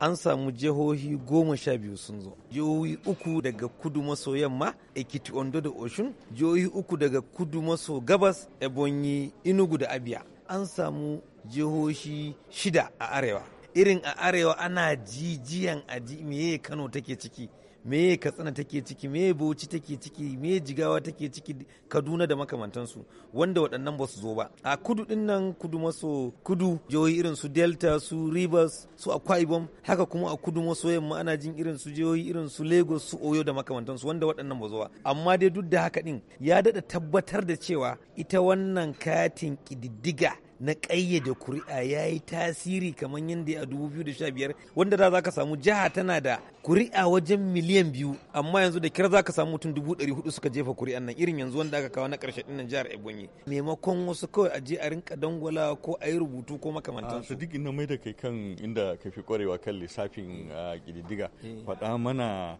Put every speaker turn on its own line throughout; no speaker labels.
an samu jihohi goma sha biyu sun zo jihohi uku daga kudu maso yamma ekiti ondo da oshun jihohi uku daga kudu maso gabas ebonyi inugu da abia an samu jihohi shida a arewa irin a arewa ana jijiyan aji meye kano take ciki me katsina take ciki me bauchi take ciki me jigawa take ciki kaduna da makamantansu wanda waɗannan ba su zo ba a kudu din nan kudu maso kudu jihohi irin su delta su rivers su akwa ibom haka kuma a kudu maso yamma ana jin irin su jihohi irin su lagos su oyo da makamantansu wanda waɗannan ba zo ba amma dai duk da haka din ya daɗa tabbatar da cewa ita wannan katin ƙididdiga na ƙayyade kuri'a ya yi tasiri kamar yadda a 2015 wanda da za ka samu jiha tana da kuri'a wajen miliyan biyu amma yanzu da kira za ka samu mutum dubu hudu suka jefa kuri'an nan irin yanzu wanda aka kawo na karshe ɗinnan jihar ebonyi maimakon wasu kawai a je a rinka dangwala ko a yi rubutu ko makamantan su
duk ina mai da kai kan inda ka fi kwarewa kan lissafin ƙididdiga eh. faɗa mana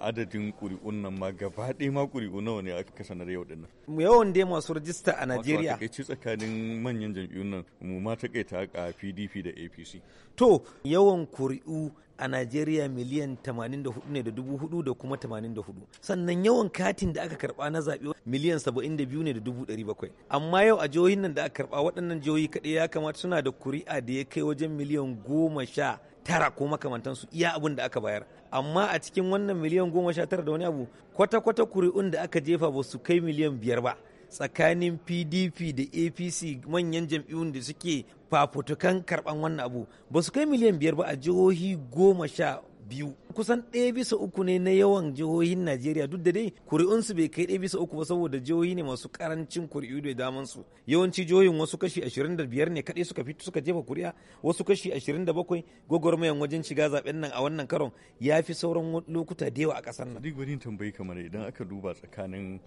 adadin kuri'un nan ma gaba ɗaya ma ƙuri'u nawa ne aka sanar yau ɗin
nan yawan dai masu rajista a najeriya
a tsakanin
manyan jam'iyyu jam'iyyun nan mu ma takaita a PDP da APC. To yawan kuri'u a Najeriya miliyan 84 ne da dubu hudu da kuma 84 sannan yawan katin da aka karba na zaɓe miliyan 72 ne da dubu ɗari amma yau a jihohin nan da aka karba waɗannan jihohi kaɗai ya kamata suna da kuri'a da ya kai wajen miliyan goma sha tara ko makamantansu iya abin da aka bayar amma a cikin wannan miliyan goma sha tara da wani abu kwata-kwata kuri'un da aka jefa ba su kai miliyan biyar ba tsakanin pdp da apc manyan jam'iyyun da suke fafutukan karban wannan abu ba su kai miliyan biyar ba a jihohi goma sha biyu kusan ɗaya bisa uku ne na yawan jihohin najeriya duk da dai kuri'unsu bai kai ɗaya bisa uku ba saboda jihohi ne masu karancin kuri'u da daman su yawanci jihohin wasu kashi biyar ne kaɗai suka fito suka jefa kuri'a wasu kashi ashirin da bakwai gwagwarmayan wajen shiga zaben nan a wannan karon ya fi sauran lokuta da yawa a ƙasar nan duk wani tambayi kamar idan aka
duba tsakanin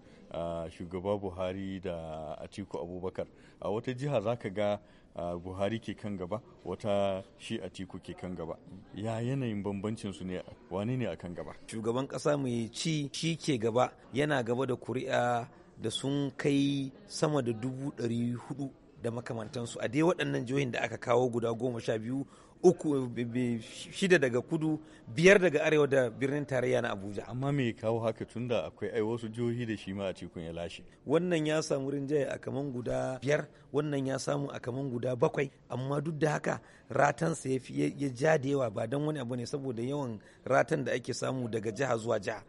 shugaba buhari da atiku abubakar a wata jiha za ka ga buhari ke kan gaba wata shi atiku ke kan gaba
ya yanayin bambancin su ne wani ne a kan gaba shugaban kasa mai ci shi ke gaba yana gaba da kuri'a da sun kai sama da dubu ɗari hudu da makamantansu a dai waɗannan jihohin da aka kawo guda goma sha biyu uku shida daga kudu biyar daga arewa da birnin tarayya na abuja amma me kawo haka tun da akwai ai wasu jihohi da shi ma a cikin ya lashe wannan ya samu rinjaye a kaman guda biyar wannan ya samu a kaman guda bakwai amma duk da haka ratansa ya ya ja da yawa ba don wani abu ne saboda yawan ratan da ake samu daga jiha zuwa jiha